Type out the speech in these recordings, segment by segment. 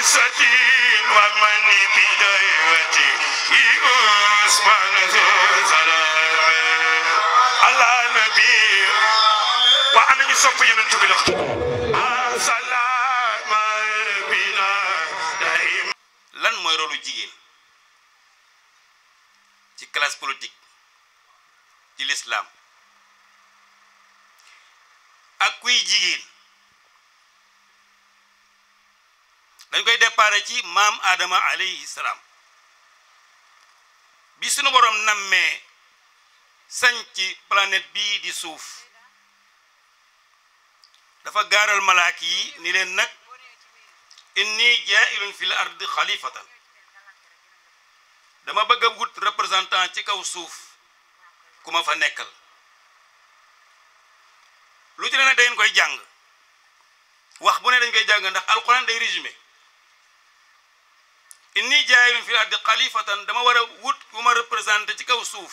بقصتي ومن بدايتي عثمان ذو سلام على النبي وأنا يصف ينتبه له سلام بنا دائما lan mooy rôlu jigéen ci classe politique ci l'islam ak kuy jigéen dañ koy déparé ci maam aadama alayhi salaam bi sunu borom nammee sañ ci planet bii di suuf dafa gaaral malaak yi ni leen nag inni jaa'ilun fil ardi xalifatan dama bëgg a wut représentant ci kaw suuf ku ma fa nekkal lu ci ne nag dañ koy jàng wax bu ne dañ koy jàng ndax alquran day résumé inni jaayilun fil ardi xalifatan dama war a wut bu ma représenté ci kaw suuf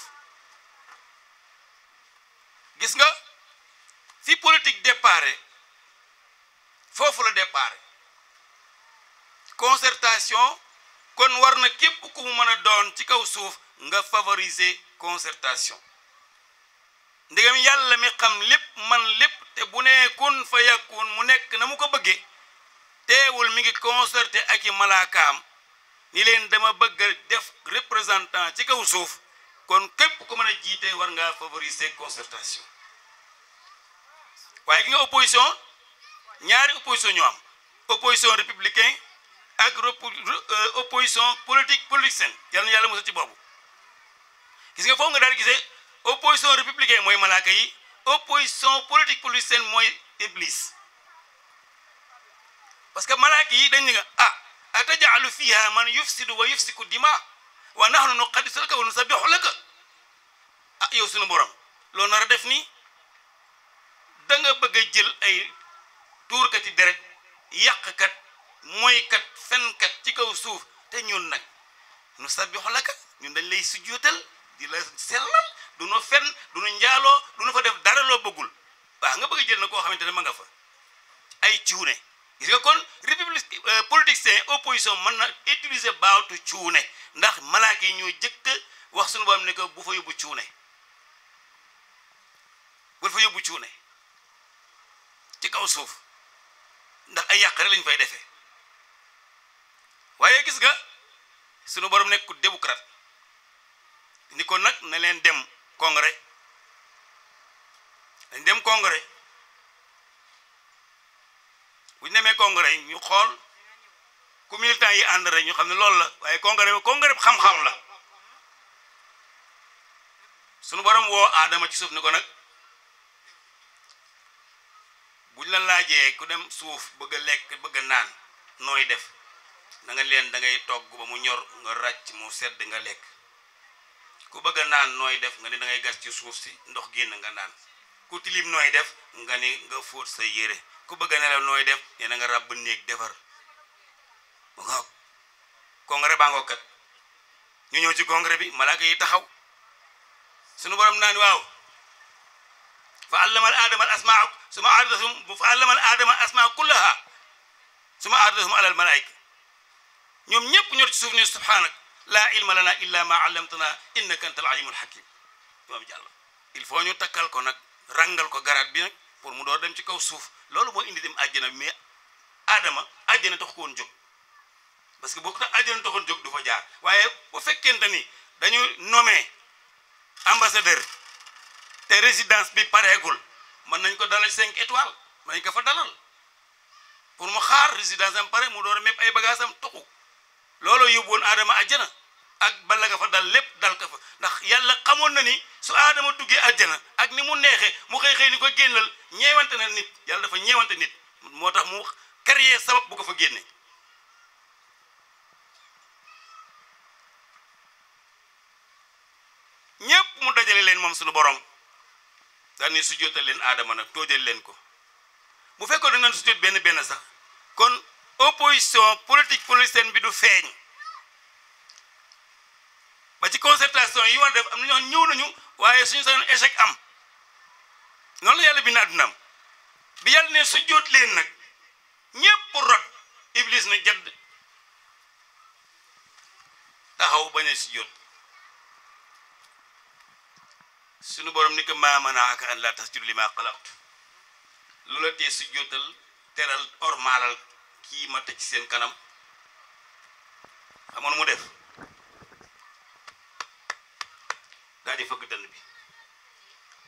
gis nga fi politique déparé foofu la déparé concertation kon war na képp ku mu mën a doon ci kaw suuf nga favoriser concertation ndegam yàlla mi xam lépp man lépp te bu nee kun fa yakun mu nekk na mu ko bëggee teewul mi ngi concerté ak i malaakaam ni leen dama bëgg def représentant ci kaw suuf kon képp ku mën a jiite war nga favoriser concertation waaye gi nga opposition ñaari opposition ñu am opposition républicain ak euh, opposition politique politicienne yal na yàlla mos ci boobu gis nga foofu nga daal gisee opposition républicain mooy malaaka yi opposition politique politicienne mooy iblis parce que malaaka yi dañ nga ah a atajalu fiha man yufsidu wa yufsiku dima wa nahnu nuqaddisu laka wa nusabbihu laka ah yow sunu borom loo nar a def nii da nga bëgg a jël ay tuurkati deret yàqkat mooykat fenkat ci kaw suuf te ñun nag nu sa nusabbihu laka ñun dañ lay sujjóotal di la sellal du nu fen du nu njaaloo du nu fa def dara loo bëggul waaw nga bëgg jël na koo xamante ne ma nga fa ay cuune gis nga kon république euh, politicien opposition mën na utiliser baatu cuune ndax malaaka yi ñoo jëkk wax suñu borom ne que bu fa yóbbu cuune bu fa yóbbu cuune ci kaw suuf ndax ay yàq rek lañ fay defee waaye gis nga suñu borom nekk démocrate ni kon nag na leen dem congrès dañ dem congrès bu ñu demee congrès ñu xool ku militant yi ànd rek ñu xam ne loolu la waaye congrès ba congrès bu xam-xam la sunu borom woo aadama ci suuf ni ko nag buñ la laajee ku dem suuf bëgg a lekk bëgg a naan nooy def da leen da ngay togg ba mu ñor nga ràcc mu sedd nga lekk ku bëgg a naan nooy def nga ni da ngay gas ci suuf si ndox génn nga naan ku tilim nooy def nga ni nga fóot sa yére ku bëgg a la nooy def ne na nga rab néeg defar mu ngoog ba baa kat ñu ñëw ci congrès bi malaka yi taxaw sunu borom naan waaw fa allama al adama al asmaa suma aradasum fa allama al adama al asmaa kullaha suma ardhum ala al malaika ñom ñépp ñor ci suuf subhanak la ilma lana illa ma allamtana innaka antal alim al hakim moom jàll il faut ñu takal ko nak rangal ko garat bi nak pour mu door dem ci kaw suuf loolu moo indi dem àjjana mais aadama àjjana tax ko woon jóg parce que boo ko tax àjjana taxoon jóg du fa jaar waaye bu fekkente ni dañu nommé ambassadeur te résidence bi pareegul mën nañ ko dalal cinq étoiles mën nañ ko fa dalal pour mu xaar résidence am pare mu door a ay bagages am tuxu looloo yóbbu woon aadama àjjana ak bala nga fa dal lépp dal ka fa ndax yàlla xamoon na ni su aadama duggee àjjana ak ni mu neexee mu xëy xëy ni ko génnal ñeewante na nit yàlla dafa ñeewante nit moo tax mu créer sabab bu ko fa génne ñépp mu dajale leen moom suñu borom daan ni sujjóotal leen aadama nag toojal leen ko bu fekkoon ne nan sujjóot benn benn sax kon opposition politique politicienne bi du feeñ ba ci concertation yi war def am ñoo ñu ñu waye suñu échec am non la yalla bind àddunaam bi yalla ne su jóot leen nak ñepp rot iblis na jadd taxaw bañ a si jóot suñu borom ni ko mana ak an laa tasjuda qalaqt lu la teral malal ki ma tecc ci seen kanam amoon mu def daal di fëgg dënn bi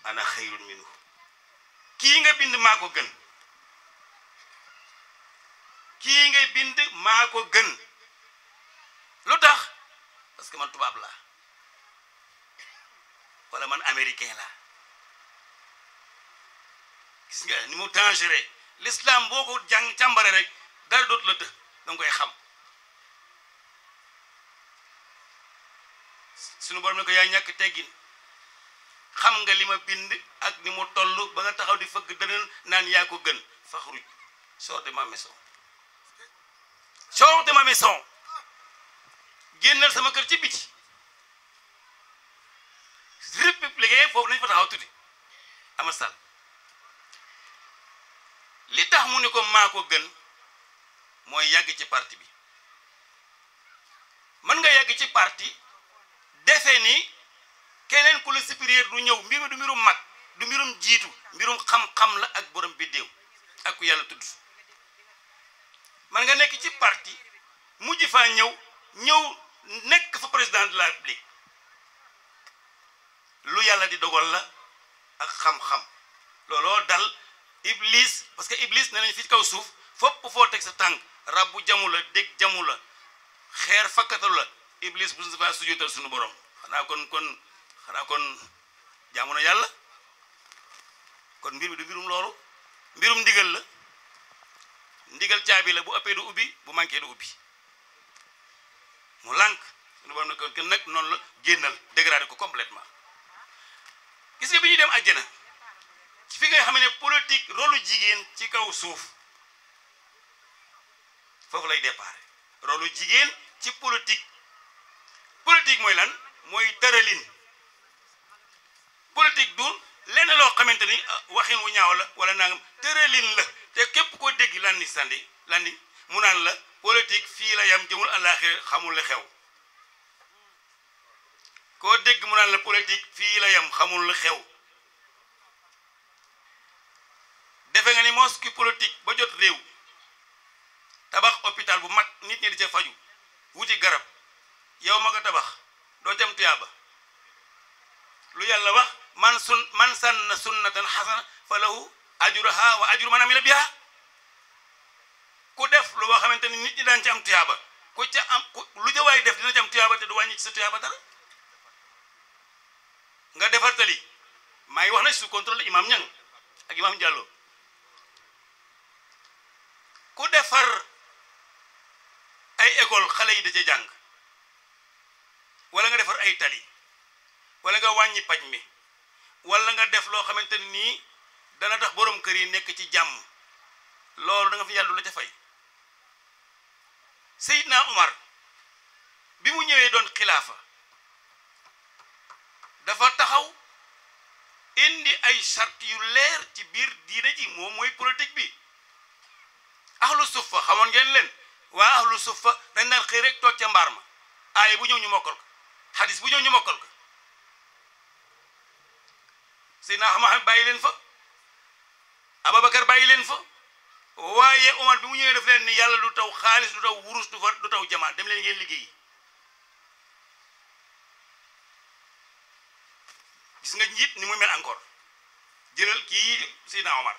ana xayrun minhu kii nga bind maa ko gën kii ngay bind maa gën lu tax parce que man tubaab laa wala man américain la gis nga ni mu dangereux l'islam boo ko jàng càmbare rek dara dootu la të xam suñu borom ne ko yaay ñak teggin xam nga lima bind ak ni mu tollu ba nga taxaw di fëgg dënën naan ya ko gën faxruj sors de ma maison sors ma maison gennal sama kër ci biti république foofu lañ fa taxaw tuddi ama sal li tax mu ni ko mako gën moy yag ci parti bi man nga yag ci parti defee ni keneen ku la supérieur ñëw mbir mi du mbirum mag du mbirum jiitu mbirum xam-xam la ak borom biddéew ak ku yàlla tudd man nga nekk ci parti mujj faa ñëw ñëw nekk fa président de la république lu yàlla di dogal la ak xam-xam looloo dal iblis parce que iblis ne nañu fi kaw suuf fopp foo teg sa tànk rabbu jamu la dégg jamu la xeer fakkatalu la iblis bu fa sujjóotal sunu borom xanaa kon kon xanaa kon jaamu yàlla kon mbir mi du mbirum loolu mbirum ndigal la ndigal caabi la bu ëppee du ubbi bu manqué du ubbi mu lànk suñu borom ne kon kenn nag noonu la génnal dégradé ko completement gis nga bi ñuy dem àjjana ci fi ngay xam ne politique rôle jigéen ci kaw suuf foofu lay départ rôle jigéen ci politique politique mooy lan mooy tëralin politique du lenn loo xamante ni ah, waxin wu ñaaw la wala nangam tëralin la te képp koo dégg lan ni sandi lan mu naan la politique fii la yam jëmul àllaaxira xamul xew koo dégg mu la politique fii la yam xamul la xew defe nga ni mos ki politique ba jot réew tabax hôpital bu mag nit ñi di ca faju wuti garab yow ma ko tabax doo jam tuyaaba lu yàlla wax man sun man sanna sunnatan xasana fa lahu ajruha wa ajur man amila biha ku def lu boo xamante ni nit ñi daan ci am tuyaaba ku ca am lu ca waay def dina ci am tuyaaba te du wàññi ci sa tuyaaba dara nga defar maa ngi wax na sous contrôle imam Ñang ak imam Diallo ku defar ay école xale yi da ca jàng wala nga defar ay tali wala nga wañi paj mi wala nga def lo xamanteni ni dana tax borom keur yi nek ci jamm loolu da nga fi yallu la ca fay sayyidna umar bi mu ñewé don khilafa dafa taxaw indi ay charte yu leer ci bir diina ji mo moy politique bi ahlu suffa xamone ngeen len wa ahlu suffa dañ daan xey rek tok ci ma bu ñew ñu mokkal ko xadis bu ñëw ñu mokkal ko Seydina Ahmad bàyyi leen fa kar bàyyi leen fa waaye Omar bi mu ñëwee daf leen ni yàlla du taw xaalis du taw wurus du fa du taw jamaa dem leen ngeen liggéey gis nga njiit ni mu mel encore jëlal kii Seydina Omar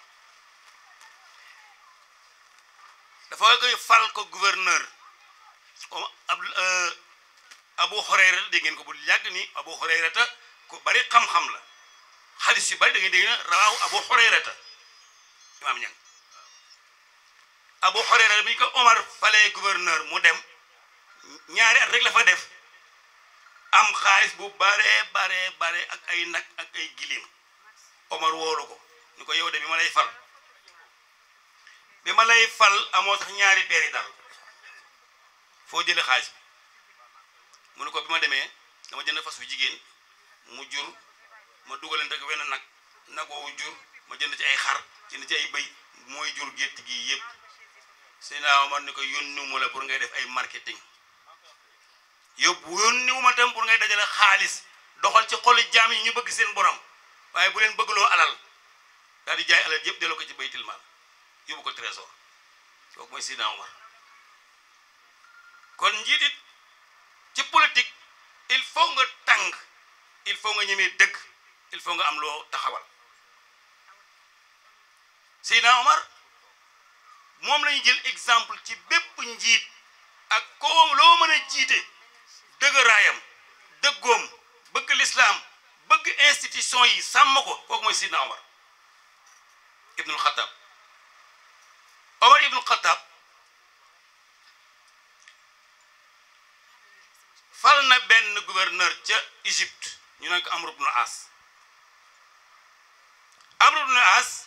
dafa koy fal ko gouverneur comme ab abu hurayra dégg ngeen ko bu yàgg ni abu hurayrata ku bari xam la xadis yu bari da ngeen na rawaahu abu bi ñu gouverneur mu dem ñaari at rek am xaalis bu baree baree bare ak ay nag ak ay gilim omar woolu ko ñu ko yow de bi ma lay fal bi ma lay fal amoo sax ñaari peeri dal foo jële xaalis mu ne ko bima ma dama jënd fas wu jigen mu jur ma dugalante ko nak nag nagoowu jur ma jënd ci ay xar ni ci ay bay moy jur gett gi yépp Seydina Omar ni ko yónniwu la pour ngay def ay marketing yóbbu yónniwu ma tam pour ngay dajale xaalis doxal ci xol jami ñu bëgg seen borom waye bu bëgg lo alal daal di jaay alal yépp delo ko ci baytul mal yóbbu ko trésor kooku moy Seydina Omar kon njiit ci politique il faut nga tang, il faut nga ñemee deug il faut nga am lo taxawal Seydina Omar mom lañu jël exemple ci bép njiit ak ko lo mëna jité deug dëgëraayam deggom bëgg l'islam bëgg institution yi samako kok moy mooy Seydina Omar ibnul khattab Omar ibnul Khattab? fal na ben gouverneur Egypt. Égypte ñu nak Amr ibn As Amr ibn As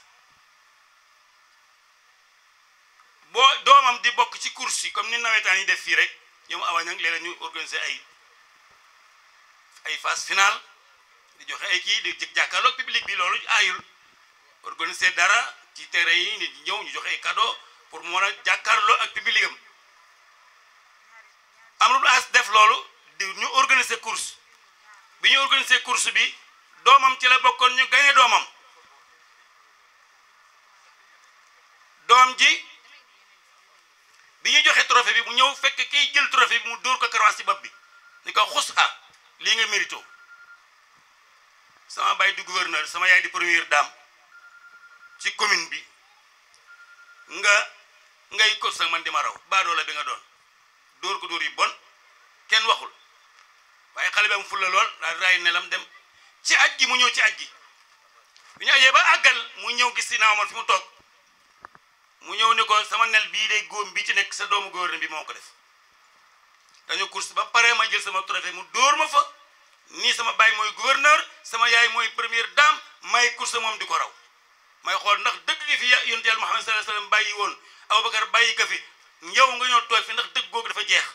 Bo, domam di bok ci kursi comme ni nawetaan yi def fi rek ñoom awañ nag léeg ñu organiser ay ay phase finale di joxe ay ki di jàkkaarloog public bi lolu ayul organiser dara ci terrain yi nit ñew ñu joxe ay cadeau pour mo na jakarlo ak publicam am As def lolu di ñu organiser course bi ñu organiser course bi domam ci la bokkon ñu gagné domam dom ji bi ñu joxe trophée bi mu ñew fekk ki jël trophée bi mu nikah ko karawaas ci bopp bi ni ko ah, li nga mérito sama bay du gouverneur sama yaay di première dame ci commune bi nga ngay ko sax man di ma raw do la bi nga don door ko door yi bon ken waxul waye xale bam am fulla da ray nelam dem ci aji mu ñew ci aji bi ñu ba agal mu ñew gis dina man fi mu toog mu ñëw ni ko sama nel bi de góom bi ci nek sa doomu góor bi moko def dañu course ba pare ma jël sama trophée mu door ma fa ni sama bay moy gouverneur sama yaay moy première dame may course mom di raw may xol nak deug gi fi yunus ya, yàlla Muhammad sallallahu alaihi wasallam won abou bakkar bayyi ka fi ñew nga ñoo toog fi nak deug gog dafa jeex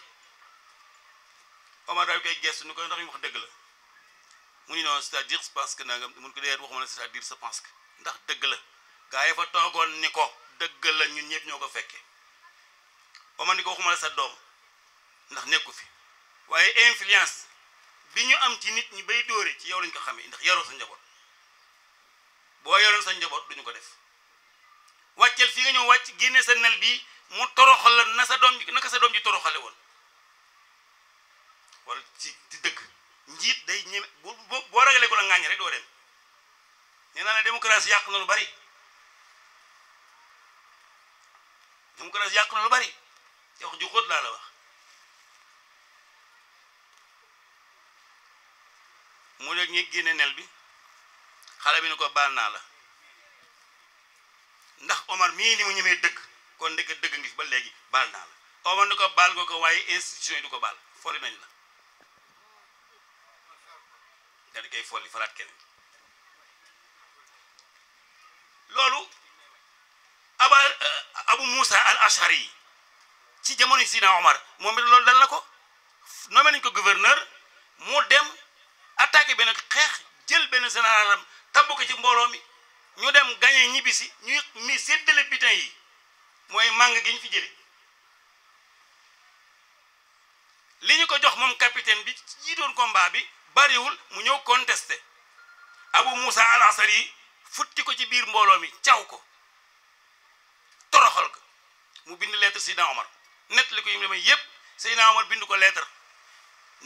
Omar daal koy gestu ni ko ndax ñu wax dëgg la mu ñu noonu c'est-à-dire parce que nangam mun ko deet waxuma la c'est-à-dire je pense que ndax dëgg la gaa yi fa toogoon ni ko dëgg la ñu ñëpp ñoo ko fekkee Omar ni ko waxuma sa doom ndax nekku fi waaye influence bi ñu am ci nit ñi bay ci yow lañ ko xamee ndax yaroo sa njaboot boo yaroon sa njaboot duñu ko def wàccel fii nga ñëw wàcc génne sa nel bi mu toroxal la na sa doom naka sa doom ji toroxale woon wala ci ci day ñeme boo ko la ngaañ rek doo dem nee naa ne démocratie yàq na lu bari démocratie yàq na lu bari te ju xóot laa la wax mu ne ñu génne nel bi xale bi ni ko baal naa la ndax Omar mii ni mu ñemee dëkk kon ndeke dëgg ngi fi ba léegi baal naa la Omar ni ko baal nga ko waaye institution yi du ko baal fori nañ la daal koy folli falaat keneen loolu aba eh, abu moussa al yi ci jamono Sidna Omar moom it loolu dal na ko nommé nañ ko gouverneur mu dem attaqué benn xeex jël benn généralam tabbu ko ci mbooloo mi ñu dem gagné ñibbisi ñuy mi séddale bitin yi mooy màng gi ñu fi jële li ñu ko jox moom capitaine bi ci jiitoon combat bi bariwul mu ñëw contesté abu moussa al futti ko ci biir mbooloo mi caw ko toroxal ko mu bind lettre Seydina Omar nett li ko yim demee yépp Seydina Omar bind ko lettre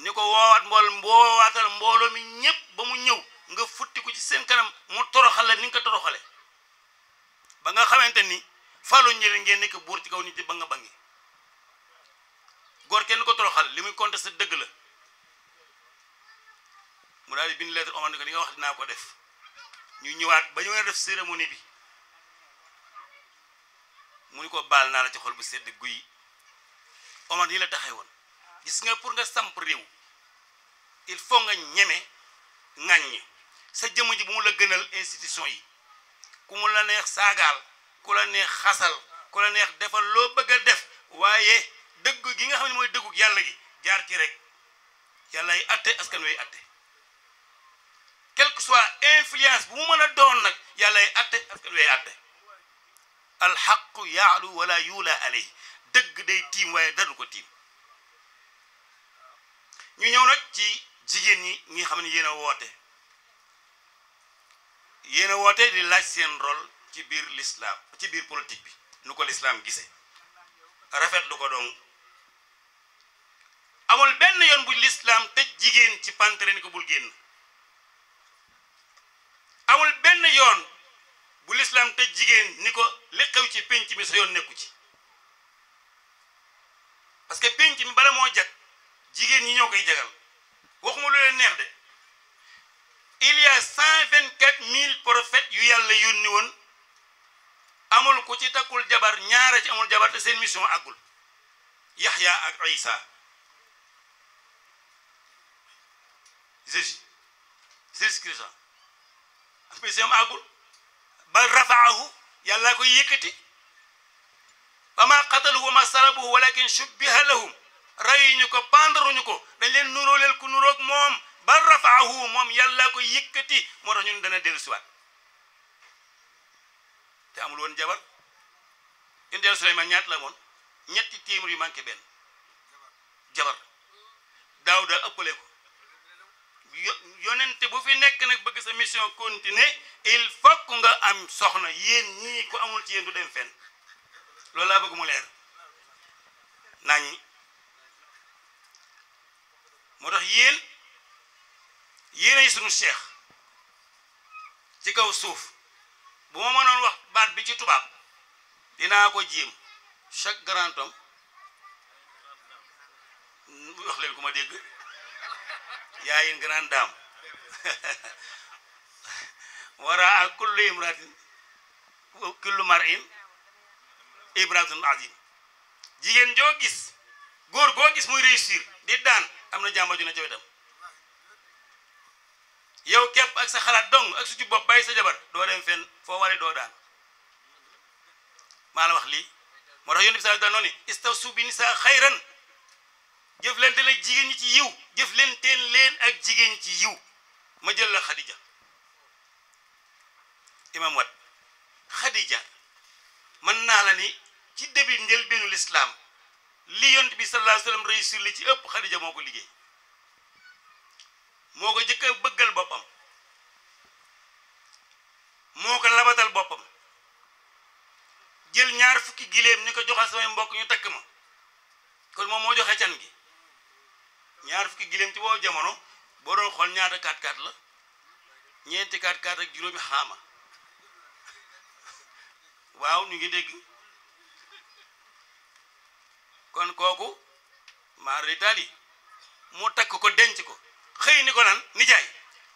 ni ko woowaat mbool mboowaatal mbooloo mi ñépp ba mu ñëw nga futti ko ci seen kanam mu toroxal la ni nga ko toroxale ba nga xamante ni faalu ñële ngeen nekk buur ci kaw nit di ba nga bangi góor kenn ko toroxal li muy contesté dëgg la mu daal di bind lettre Omar di ko ni nga wax dinaa ko def ñu ñëwaat ba ñu def cérémonie bi mu ni ko baal naa la ci xol bu sedd guy Omar yi la taxee woon gis nga pour nga samp réew il faut nga ñeme ŋàññi sa jëm ji bu mu la gënal institution yi ku mu la neex saagaal ku la neex xasal ku la neex defal loo bëgg def waaye dëgg gi nga xam ne mooy dëggug yàlla gi jaar ci rek yàlla ay atte askan way atte quelle que soit bu mu mën a doon nag yàlla ay atte askan way alxaqu yaalu wala yuula aley dëgg day tiim waaye dadu ko tiim ñu ñëw nag ci jigéen ñi ñi xam ne yéen a woote yéen a woote di laaj seen rol ci biir lislaam ci biir politique bi nu ko lislaam gise rafet lu ko doon amul benn yoon bu lislaam tëj jigéen ci pantere ni ko bul génn amul benn yoon bu lislaam te jigéen ni ko li ci pénc mi sa yoon nekku ci parce que pénc mi bala moo jag jigéen ñi ñoo koy jagal waxuma lu leen neex de il y cent vingt quatre mille prophètes yu yàlla yónni woon amul ko ci takkul jabar ñaara ci amul jabar te seen mission àggul Yaxya ak Isa Jésus ak peseem àggul bal rafaahu yàlla koy yëkkati wa ma qataluhu wa ma salabuhu walakin shubbiha lahum rayuñu ko pendaruñu ko dañ leen nuróoleel ku nuróog moom bal rafaahu moom yàlla koy yëkkati moo tax ñun dana dellusiwaat te amul woon jabar indeel Suleymaan ñaat la woon ñetti téeméer yu manqué benn jabar daaw daal ëppale ko yonente bu fi nekk nag bëgg sa mission continuer il faut nga am soxna yéen ñii ko amul ci yéen du dem fen loolu laa bëgg mu leer nañ moo tax yéen yéenay sunu cheikh ci kaw suuf bu ma mënoon wax baat bi ci tubaab dinaa ko jéem chaque grand homme wax leen ku ma dégg yaa une grande dame waraa kullu imratin kullu marin ibratun azim jigéen joo gis góor goo gis muy réussir di daan am na jàmba ju na ca wetam yow képp ak sa xalaat dong ak su ci bopp bàyyi sa jabar doo dem foo waree doo daan maa la wax moo tax yonent bi sallallahu alayhi wa sallam noonu istawsu bi xayran jëf leen te la jigéen ñi ci yiw jëf leen ak jigéen ci yiw ma jël la Khadija imam wat Khadija mën naa la ni ci début njëlbeenu lislaam li yont bi sallallahu alayhi wa li ci ëpp Khadija moo ko liggéey moo ko jëkk a bëggal boppam moo ko labatal boppam jël ñaar fukki giléem ni ko joxal samay mbokk ñu takk ma kon moom moo jox can gi ñaar fukki giléem ci boobu jamono boo doon xool ñaata 4-4 la ñeenti 4-4 ak juróomi xaama waaw ñu ngi dégg kon kooku maaritaal yi mu takk ko denc ko xëy ni ko nan nijaay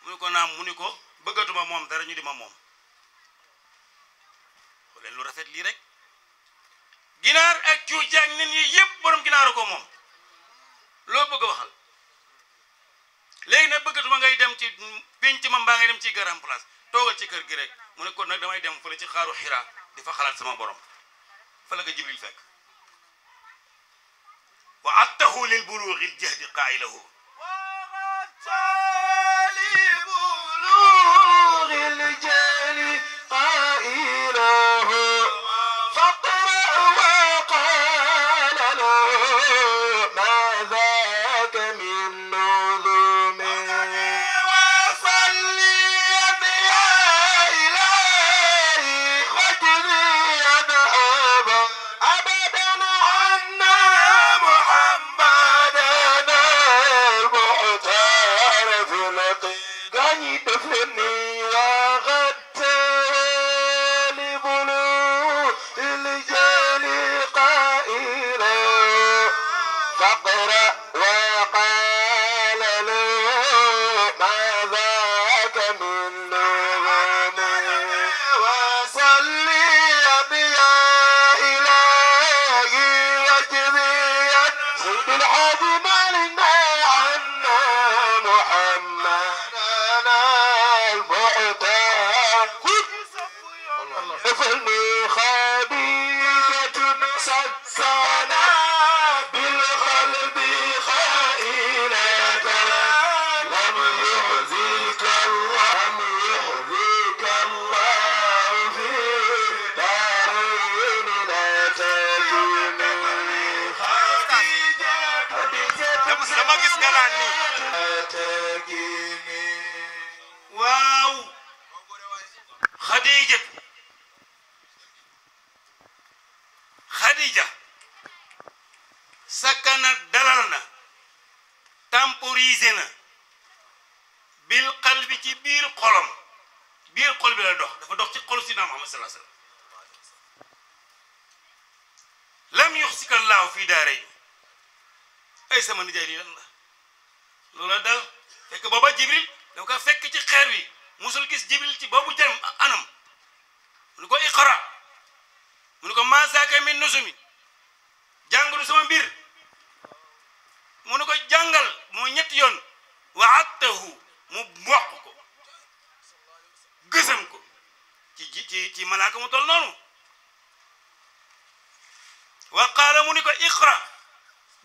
mu ni ko naam mu ni ko bëggatuma moom dara ñu di ma moom xooleen lu rafet lii rek ginaar ak cuujaag nit ñi yépp borom ginaaru ko moom loo bëgg waxal léegi nag bëggatuma ngay dem ci pénc ma mbaa ngay dem ci grand place toogal ci kër gi rek mu ne kon nag damay dem fële ci xaaru xiraa di fa xalaat sama borom fa la ko jibril fekk wa attahu lil buluuxi jahdi qaa'ilahu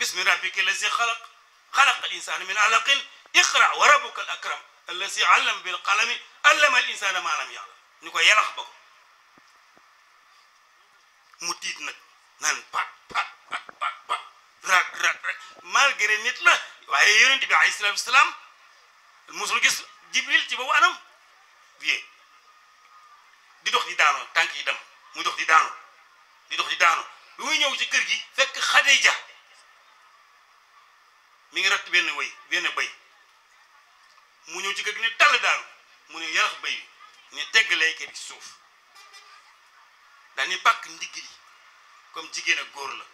باسم ربك الذي خلق خلق الانسان من علق اقرا وربك الاكرم الذي علم بالقلم علم الانسان ما لم يعلم نكو يرحبك موتيت نك نان با با با با راك راك راك مالغري نيت لا واي يونت بي عليه الصلاه والسلام المسلم جس جبريل تي بو انام في دي دوخ دي دانو تانك يدم مو دوخ دي دانو دي دوخ دي دانو بي وي نيو سي كيرغي فك خديجه mi ngi rat ben way ben bay mu ñëw ci kër ni tal daal mu ne yarax bay ni tegg lay kër ci suuf da ni pak li comme jigéen ak la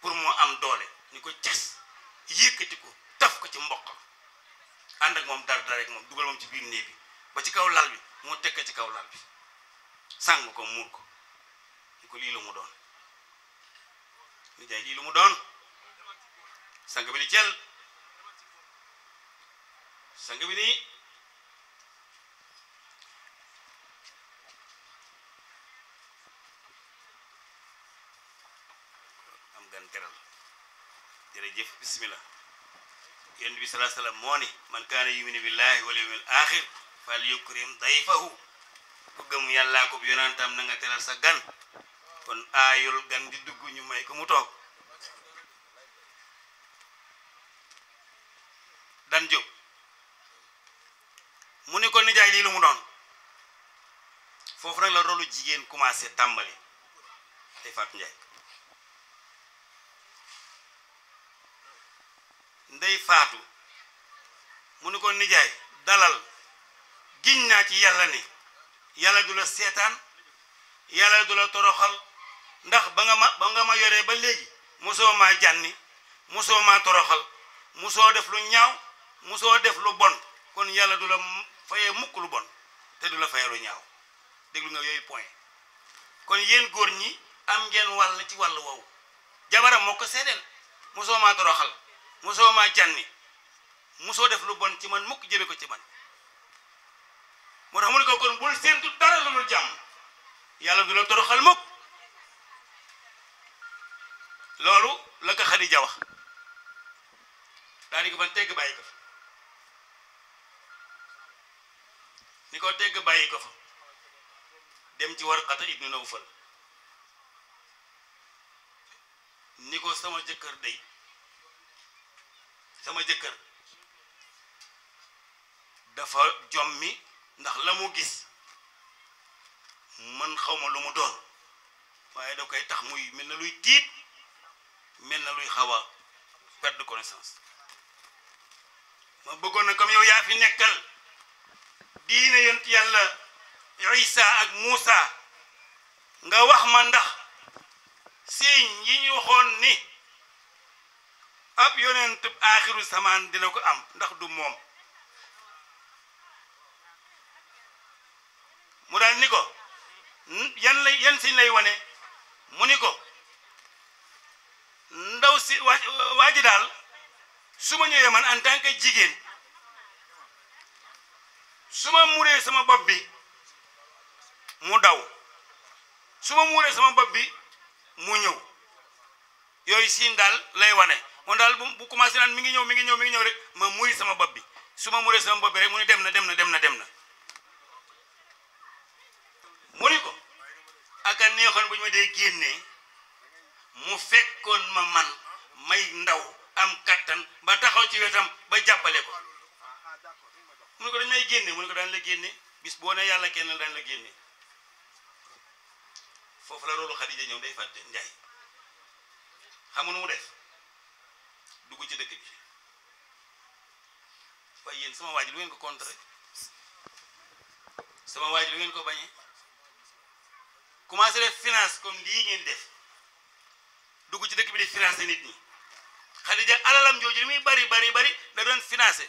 pour mo am doole ni ko cas yëkkati ko taf ko ci mbokk and ak mom dar dar ak mom dugal mom ci biir néeg bi ba ci kaw lal bi mo tekk ci kaw lal bi sang ko muur ko ni ko li lu mu doon ni jaay li lu mu doon ਸੰਗ jel ਨਹੀਂ ਚੱਲ ਸੰਗ am gan teral bismillah yonent bi sallallahu alaihi wasallam moo man kana yuminu billahi wal yawmil akhir fal yukrim dayfahu ku gëm yàllaa ko yonentam na nga teral sa gan kon ayul gan di dugg ñu ben Diop muné ko nijaay li lu mu don fofu nag la rolu jigen commencé day fat Ndiaye ndey fatu muné ko nijaay dalal giñna ci yalla ni yalla setan, setan yalla dula toroxal ndax ba nga ma ba nga ma yoré ba légui mosoo maa toroxal muso def lu ñaaw muso def lu bon kon yalla dula fayé mukk lu bon té dula fayé lu ñaaw déglu nga yoy point kon yen góor ñi am ngeen wal ci wal woowu jabaram moko sédel muso ma maa doroxal muso ma janni muso def lu bon ci man mukk jëbé ko ci man ko kon bul sentu dara lu dul jàmm yàlla du la doroxal mukk lolu la ko khadija wax ko ban tegg ko ni ko tegg bàyyi ko fa dem ci warqata na nawfal ni ko sama jëkkër day sama jëkkër dafa jommi ndax la mu gis man ma lu mu doon waaye da koy tax muy mel na luy tiit mel na luy xaw a perte de connaissance ma bëggoon na yow yaa fi nekkal diine yont yàlla isa ak Muusa nga wax ma ndax siiñ yi waxoon ni ab yonent aaxiru samaan dina ko am ndax du moom mu daal ni ko yan lay yan siñ lay wane mu ni ko ndaw si waa waaji daal su ma ñëwee man en tant que jigéen suma mure sama babi mu daw suma mure sama babi mu ñew yoy siin dal lay wane moom dal bu commencé nan mi ngi ñew mi ngi ñew mi ngi ñew rek ma muy sama babi. suma mure sama babi rek mu ni dem na dem na dem na dem na mu ni ko ak neexon neexoon bu ñu ma dee génnee mu fekkon ma man may ndaw am katan ba taxaw ci wetam ba jappalé ko mu ko dañ may génne mu ko dañ la génne bis bo né yalla kenn dañ la génne fofu la rolu khadija ñëw day fàtte ndjay xamu nu mu def duggu ci dëkk bi fa yeen sama waji lu ngeen ko contre sama waji lu ngeen ko bañé commencé def finance comme li ngeen def duggu ci dëkk bi di financer nit ñi khadija alalam jooju limuy bari bari bari da doon financer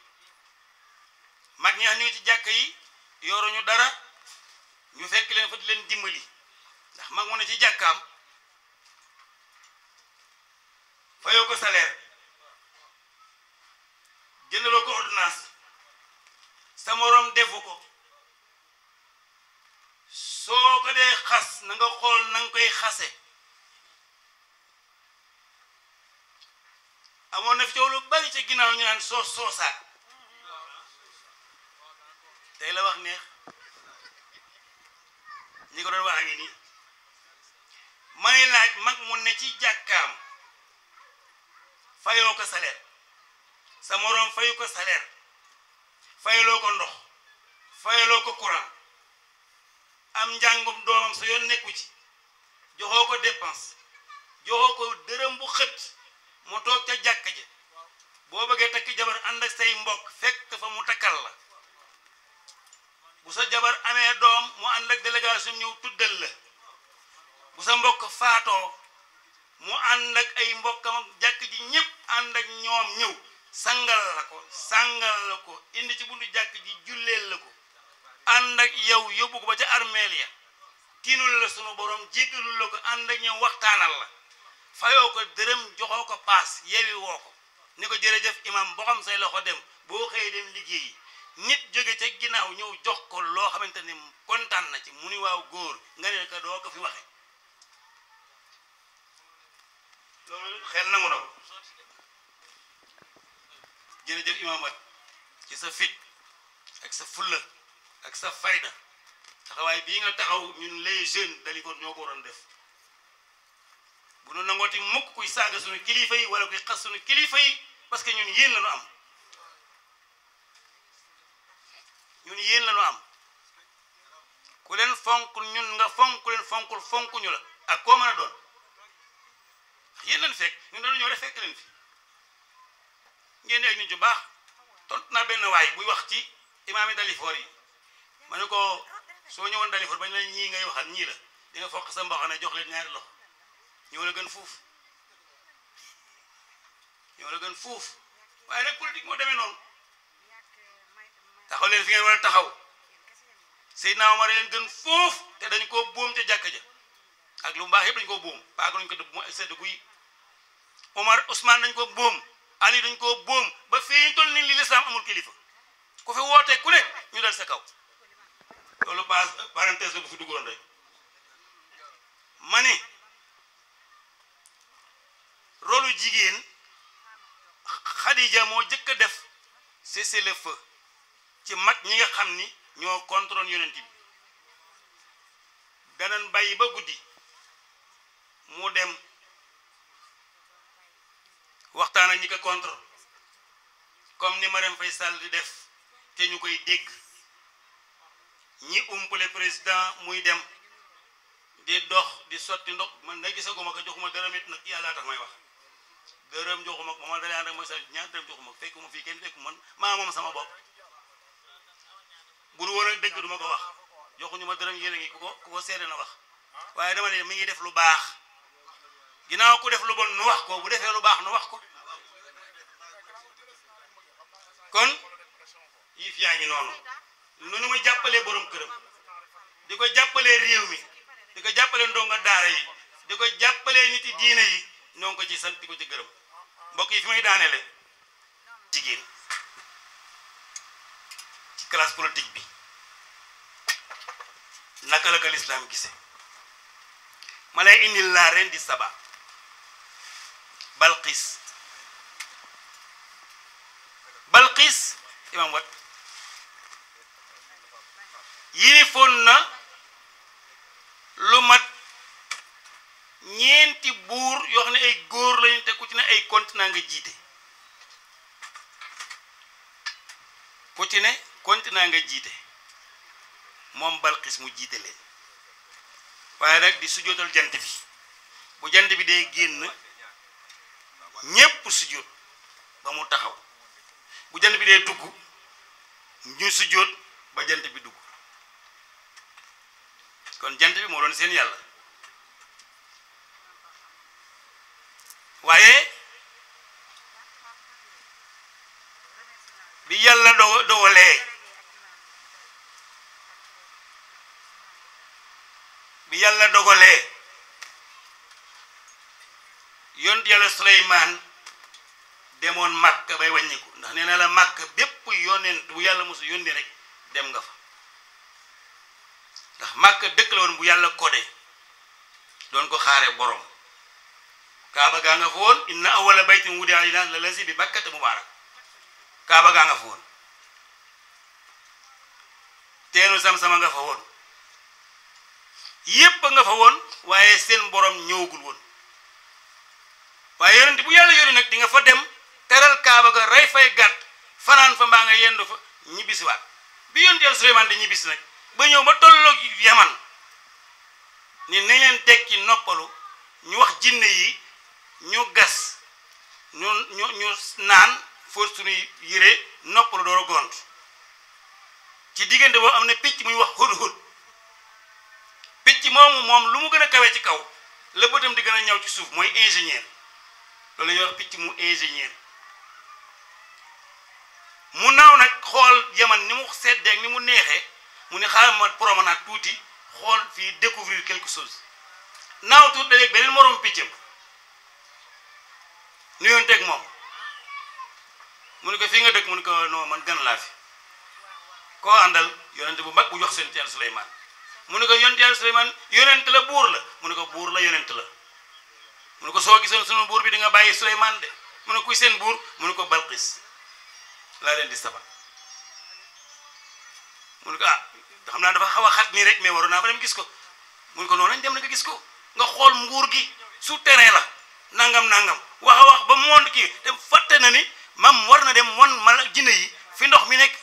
mag ñi ñu ci jàkk yi yoruñu dara ñu fekk leen fa leen dimbali ndax mag mu ne ci jàkkaam fayoo ko salaire jëndaloo ko ordonnance sa morom defu ko soo ko dee xas na xool na koy xase amoon na fi coow lu bari ca ginnaaw ñu naan soos soosaat day la wax neex ñi ko doon ngi nii may laaj mag mu ne ci jàkkaam fayoo ko salaire sa moroom fayu ko salaire fayaloo ko ndox fayaloo ko courant am njàngum doomam sa yoon nekku ci joxoo ko dépense joxoo ko dërëm bu xët mu toog ca jàkk ja boo bëggee takk jabar ànd ak say mbokk fekk fa mu takkal la bu jabar amé dom mu and ak délégation ñëw tuddel la bu sa mbokk mu and ak ay mbokkam jakk ji ñepp and ak ñom ñëw sangal la ko sangal la ko indi ci bundu jakk ji jullel la ko and ak yow yobbu ko ba ci armeel ya. tinul la sunu borom jéggalul la ko and ak waxtanal la fayo ko joxoko pass yewi woko niko imam boo xam say loxo dem bo xey dem liggéeyi nit jege ca ginnaaw ñëw jox ko loo xamante ni kontaan na ci mu ni waaw góor nga ne ko doo ko fi waxe loolu xel nangu na ko jërëjëf imaam ci sa fit ak sa fulla ak sa fayda taxawaay bii nga taxaw ñun les jeunes dali ko ñoo ko waroon def bu nu nangooti mukk kuy saaga suñu kilifa yi wala kuy xas suñu kilifa yi parce que ñun yéen la ñu am ñun yéen la ñu am ku leen fonk ñun nga fonk leen fonkul fonk ñu la ak koo mën a doon yéen lañ fekk ñun dañu ñëw rek fekk leen fi ngeen ak ñu ju baax tontu naa benn waay buy wax ci imaam yi Dalifort yi ma ne ko soo ñëwoon Dalifort bañ la ñii ngay waxal ñii la di nga sa mbaxana jox leen ñaari loxo ñoo la gën fuuf ñoo la gën fuuf waaye nag politique moo demee noonu. taxaw leen fi ngeen war a taxaw Seydina Omar leen gën foofu te dañ koo boom ca jàkka ja ak lu mbaax yëpp dañ koo boom paaka lañ ko dëbb mu sedd guy Omar Ousmane dañ ko boom Ali dañ koo boom ba fii ñu toll nii li lislaam amul kilifa ku fi wootee ku ne ñu dal sa kaw loolu pas parenthèse bu fi duggoon rek ma ne rolu jigéen Khadija moo jëkk a def c'est le feu ci mag ñi nga xam ni ñoo contrôle yonent bi danañ bàyyi ba guddi mu dem waxtaan ak ñi ko contrôle comme ni ma Marème Faye Sall di def te ñu koy dégg ñi umpale président muy dem di dox di sotti ndox man na gisaguma ko joxuma dërëm it nag yàlla tax may wax dërëm joxuma ko ma ma dalee ànd ak mooy sa ñaar dërëm joxuma ko fekkuma fii kenn fekku man maa moom sama bopp bu nu woon dëgg du ma ko wax joxuñu ma dara yéen a ngi ku ko ko seede na wax waaye dama ne mi ngi def lu baax ginnaaw ko def lu bon nu wax ko bu defee lu baax nu wax ko kon yii yaa ngi noonu nu nu muy jàppalee borom këram di ko jàppale réew mi di ko jàppalee ndongo daara yi di ko jàppale nit yi diina yi ñoo ngi ko ci sant di ko ci gërëm mbokk yi fi may daaneele jigéen classe politique bi naka la ko lislaam gisee ma lay indil laa ren saba balqis balqis imam wat na lu mat ñeenti buur yoo xam ne ay góor lañu te ku ci ne ay continent nga jiite ku continent nga jiite moom Balqis mu jiite leen waaye nag di sujootal jant bi bu jant bi day génn ñépp sujjóot ba mu taxaw bu jant bi dee dugg ñu sujjóot ba jant bi dugg kon jant bi moo doon seen yàlla waaye bi yàlla doo dowalee bi yalla dogalee yont yalla sulayman demone màkk bay wàññiku ndax neena la màkk bepp yonen bu yalla musu yondi rek dem nga fa ndax màkk dekk la won bu yalla kodé don ko xare borom kaaba ga nga fon inna awwala baytin wudi'a la lazi bi bakkat mubarak kaaba ga nga fon sam-sama nga fa yépp a nga fa woon waaye seen boroom ñëwagul woon waaye yonent bu yàlla yónni nag di nga fa dem teral kaaba ga rey fay gàtt fanaan fa mbaa nga yendu fa ñibbisiwaat bi yonent yàlla Suleymaan di ñibbisi nag ba ñëw ba tolloog yaman ni nañ leen tekki noppalu ñu wax jinne yi ñu gas ñu ñu ñu naan fóot suñuy yére noppalu door a ci diggante boobu am na picc muy wax hudhud ci moomu moom lu mu gën a kawee ci kaw la bëtam di gën a ñëw ci suuf mooy ingénieur loolu yoo picc mu ingénieur mu naaw nag xool yaman ni mu seddee ni mu neexee mu ne xaaral ma promenade tuuti xool fii découvrir quelque chose naaw tuuti dajeeg beneen moroom piccam nuyonteeg moom mu ne ko fii nga dëkk mu ne ko non man gan laa fi koo àndal yonente bu mag bu jox seen teel Suleymaan mu yon dia sulaiman yàlla Suleymaan yonent la buur la mu yon ko buur la yonent la mu ne burbi soo bayi sunu buur bi di nga de Balqis di sabal mu ne ah dafa hawa a xat nii rek mais waroon naa fa dem gis ko mu non lañ dem na nga gis ko nga xol nguur gi su terrain la nangam nangam wax wax ba monde ki dem fatte na ni mam warna dem won mala fi ndox mi nek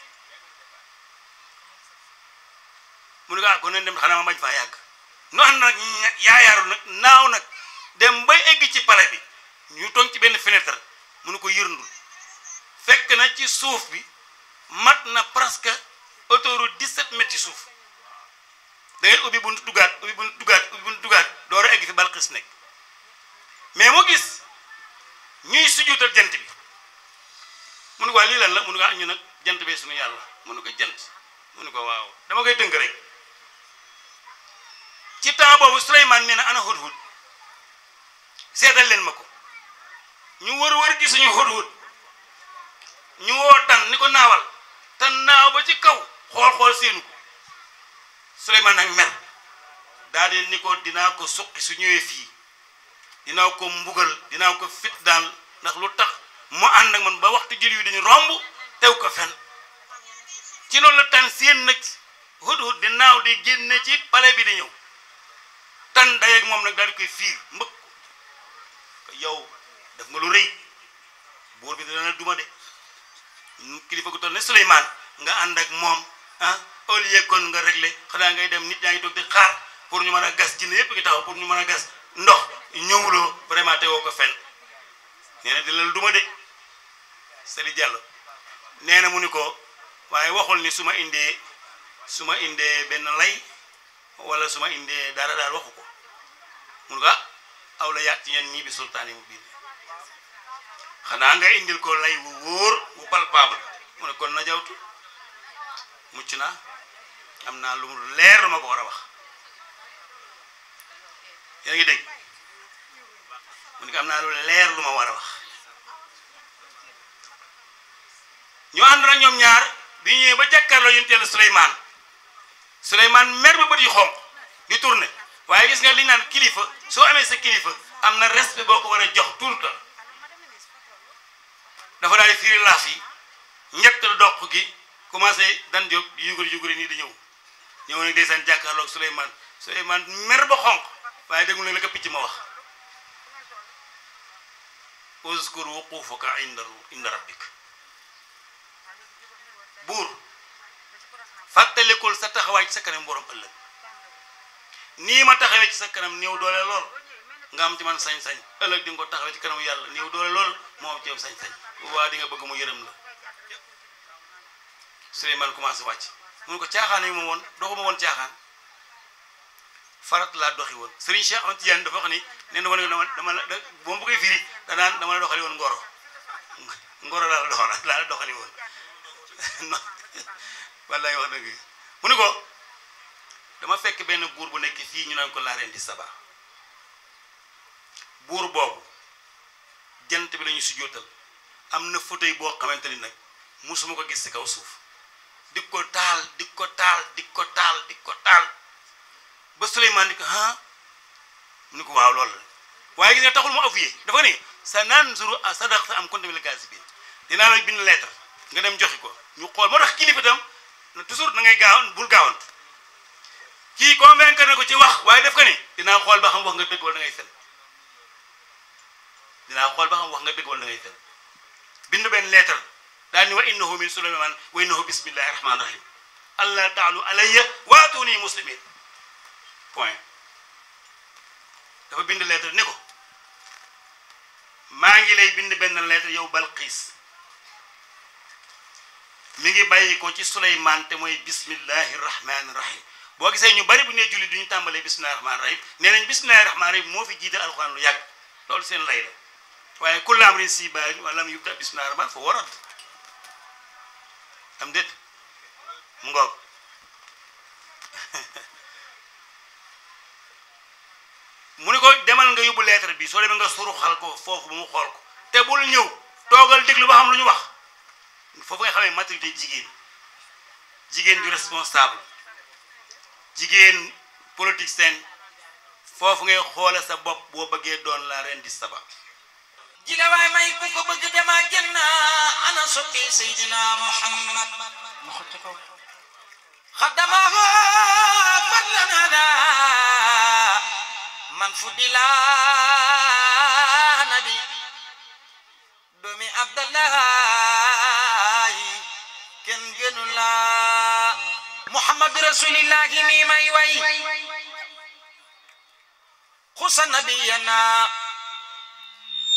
Munuga konen ko dem xana ma fa yag yàgg noonu nag yaayaaru nak naw nak dem bay egg ci pale bi ñu tong ci ben fenêtre munuko ne fekk na ci suuf bi mat na presque autoroute 17 mètres ci suuf da ngay ubi bunt dugaat ubi bunt dugaat ubi bunt dugaat door a egg fi balqis nek mais mo gis ñuy sujudal jent bi mu li lan la mu ah, ñu nak jent bee suñu yalla mu jent waaw dama koy rek ci temps boobu Souleymane nee na ana hudhud seetal leen ma ko ñu wër-wër gisuñu hudhud ñu woo tan ni ko naawal tan naaw ba ci kaw xool-xool seenu ko Souleymane nag mer daa ni ko dinaa ko suqi su ñëwee fii dinaa ko mbugal dinaa ko fit daal ndax lu tax mu ànd ak man ba waxtu jël yu dañu romb tew ko fen ci loolu la tan seen nag hudhud di naaw di génne ci pale bi di ñëw kan day ak mom ah? oh, iya, nak dal di koy iya, fiir ko yow def nga lu reuy bor bi dana duma de kilifa ko toll ne nga ànd ak moom ah au lieu kon nga réglé xala ngay dem nit ñaa tok di xaar pour ñu mëna gas jinn yépp gi taxaw pour ñu mëna gas ndox ñewulo vraiment tegoo ko fen nee di dina duma de Sali Diallo nee mu ni ko waye waxul ni suma indé suma indé ben lay wala su ma indee dara daal waxu ko mun nga aw la yàtt yan nii bi sultaani mu biir xanaa nga indil ko lay wu wóor wu palpable mu ne kon na jawtu mucc naa am naa lu leer lu ma ko war a wax yaa ngi dégg am naa lu leer lu ma war a wax ñu ànd na ñoom ñaar bi ñëwee ba jàkkaarloo yonent Yàlla Suleymaan Suleiman mer ba Hong xom di tourné waaye gis nga li nane kilifa so amé sa kilifa am na respect boko wara jox tout le temps dafa daal firi laf yi ñett gi commencé dan job di yuguri ni di di ñew ñëw nag ndeysaan Suleiman. Suleiman Sulaiman mer ba xonq waye degul nak la ko ma wax wuqufaka inda rabbik bur fàttalikul sa taxawaay ci sa kanam borom ëllëg nii ma taxawee ci sa kanam néew doole lool nga am ci man sañ-sañ ëllëg di ko taxawee ci kanamu yàlla néew doole lool moo am ci sañ-sañ waa di nga bëgg mu yërëm la Suleymaan commencé wàcc mun ko caaxaan yu ma woon doxuma woon caaxaan farat laa doxi woon Serigne Cheikh Ahmed Tidiane dafa wax ni nee na woon dama la boo ma bëggee dama doxali woon ngoro ngoro laa la doxali woon wallaay wax dëgg mu ne ko dama fekk benn buur bu nekk fii ñu naan ko laareen di saba buur boobu jant bi lañu si sujjóotal am na fauteuil boo xamante ni nag musuma ko gis ci kaw suuf di ko taal di ko taal di ko taal di ko ba Suleymaan ni ko ah mu ni ko waaw loolu la waaye gis nga taxul mu avoué dafa ne sa naan suru sadaqta am kunta minal kaasibiin dinaa la bind lettre nga dem joxe ko ñu xool moo tax kilifa tam toujours da ngay gaawan bul gaawantu kii convaincre na ko ci wax waaye def ko ni dinaa xool ba xam wax nga dëgg wala da ngay fen dinaa xool ba xam wax nga dëgg wala da ngay fen bind benn lettre daal ni wa innahu min suleymaan wa innahu bismillahi rahmaani rahim allah taalu alayya waatuni muslimin point dafa bind lettre ni ko maa ngi lay bind benn lettre yow Balqiis mi ngi bàyyi ko ci Suleymaan te mooy bismillahi rahmaani rahim boo gisee ñu bari bu ñu nee julli du ñu tàmbalee bismillahi rahmaani rahim nee nañ bismillahi rahmaani rahim moo fi jiital alxuraan lu yàgg loolu seen lay la waaye kullu amrin si baarin wa lam yubda bismillahi rahmaani fa warad am déet mu mu ni ko demal nga yóbbu lettre bi soo demee nga suruxal ko foofu ba mu xool ko te bul ñëw toogal déglu ba xam lu ñu wax foofu nga xamee maturité jigéen jigéen ju responsable jigéen politique seen foofu ngay xoola sa bopp boo bëggee doon la reine du Saba jile waay may ku ko bëgg demaa jënna ana soppi Seydina Muhammad xaddamaahu fadlanada man fuddila nabi doomi Abdallah محمد رسول الله ميمي وي خص نبينا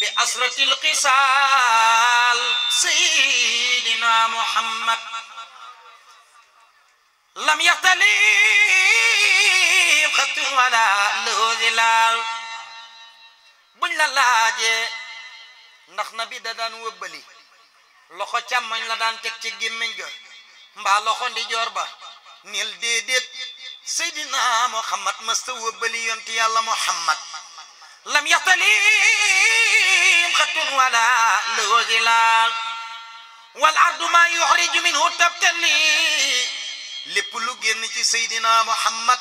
بأسرة القصال سيدنا محمد لم يختلف خط ولا له ظلال بن لاجي نخنا نبي وبلي loxo càmmoñ la daan teg ci gémmiñ ga mbaa loxo ndijoor ba nil déedéet seydina muhammad masta wëbbali yonti yàlla muhammad lam yaxtalim xatun wala lëwo zilaal wal ardu ma yuxriju minhu tabtali lépp lu génn ci seydina muhammad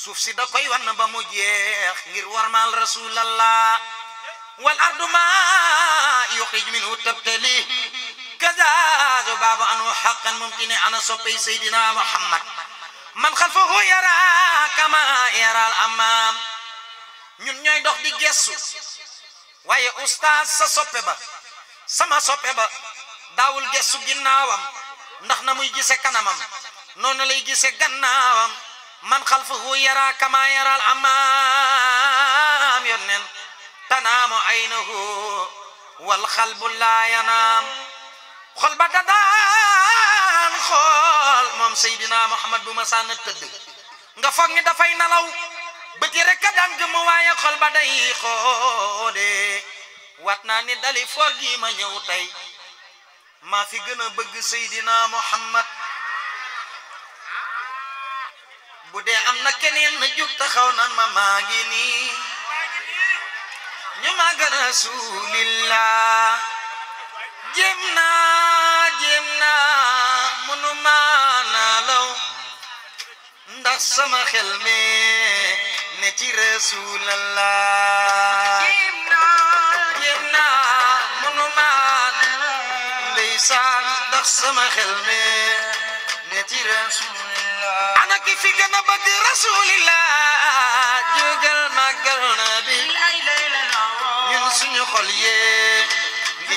suuf si da koy wann ba mu jeex ngir warmaal rasulallah wal ardu ma yuxriju minhu tabtali القزاز وباب أنه حقا ممكن أن صبي سيدنا محمد من خلفه يرى كما يرى الأمام ñun ñooy dox di gestu waaye oustaz sa soppe ba sama soppe ba daawul gestu ginnaawam ndax na muy gise kanamam noonu lay gise gannaawam man xalfahu yara kama yara al amaam yonnen tanaamu aynahu wal xalbu laa yanaam xol ba moom Seydina Muhammad bu ma sànn tëdd nga foog ni dafay nalaw bëti rek ka daan gëmm waaye xol waat naa ni dali foor ma ñëw maa fi gën a bëgg Seydina Muhammad bu dee am na keneen na jóg taxaw nan ma maa ngi nii ñu màgg rasulillah jéem mënu maa naalaw ndax sama xel mi ne ci rasulallah fi gën a rasulillah jógal màggal na bi ñun suñu xol yee ngi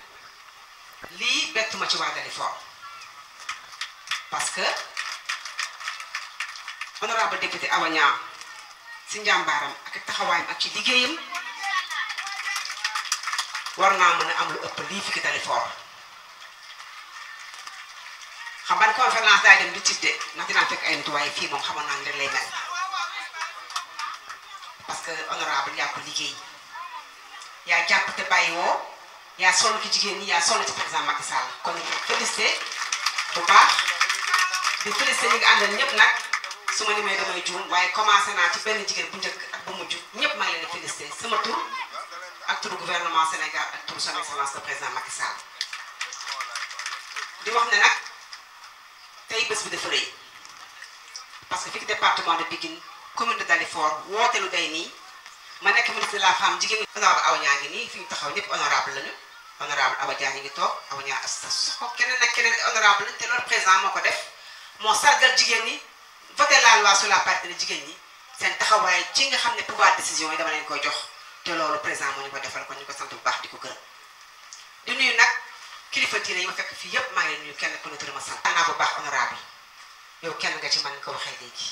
lii bett ma ci waa Dalifort parce que honorable député Awa Niang si njàmbaaram ak taxawaayam ak ci liggéeyam war naa mën am lu ëpp lii fi ki xam ban conférence daay dem di tidde ndax dinaa fekk ay ntuwaay fii moom xamoon naa ne lay parce que honorable yaa ko liggéey yaa jàpp te bàyyi woo yaa sonn ci jigéen ñi yaa sonn ci président Macky Sall kon ñu bu baax di félicité ñi nga àndal ñëpp nag su ma limee damay juum waaye commencé naa ci benn jigéen bu njëkk ak bu mujj ñëpp maa ngi leen di sama tur ak turu gouvernement Sénégal ak turu son excellence le président wax ne nag tey bés bi dafa rëy parce que fii département de Pikine commune de Dalifort woote lu day nii. ma nekk ministre la femme jigéen taxaw ñëpp honorable lañu honorable awa ngi toog awa ñaa as soxo keneen ak keneen honorable lañu te loolu président moo ko def moo sargal jigéen ñi voté la la parité jigéen ñi seen taxawaay ci nga xam ne pouvoir décision yi dama leen koy jox te loolu président moo ko defal kon ñu ko sant bu baax di ko gërëm di nuyu nag kilifa diine yi ma fekk fii yëpp maa ngi leen nuyu kenn ku ne turam a sant naa bu baax honorable yow kenn nga ci man nga ko waxee léegi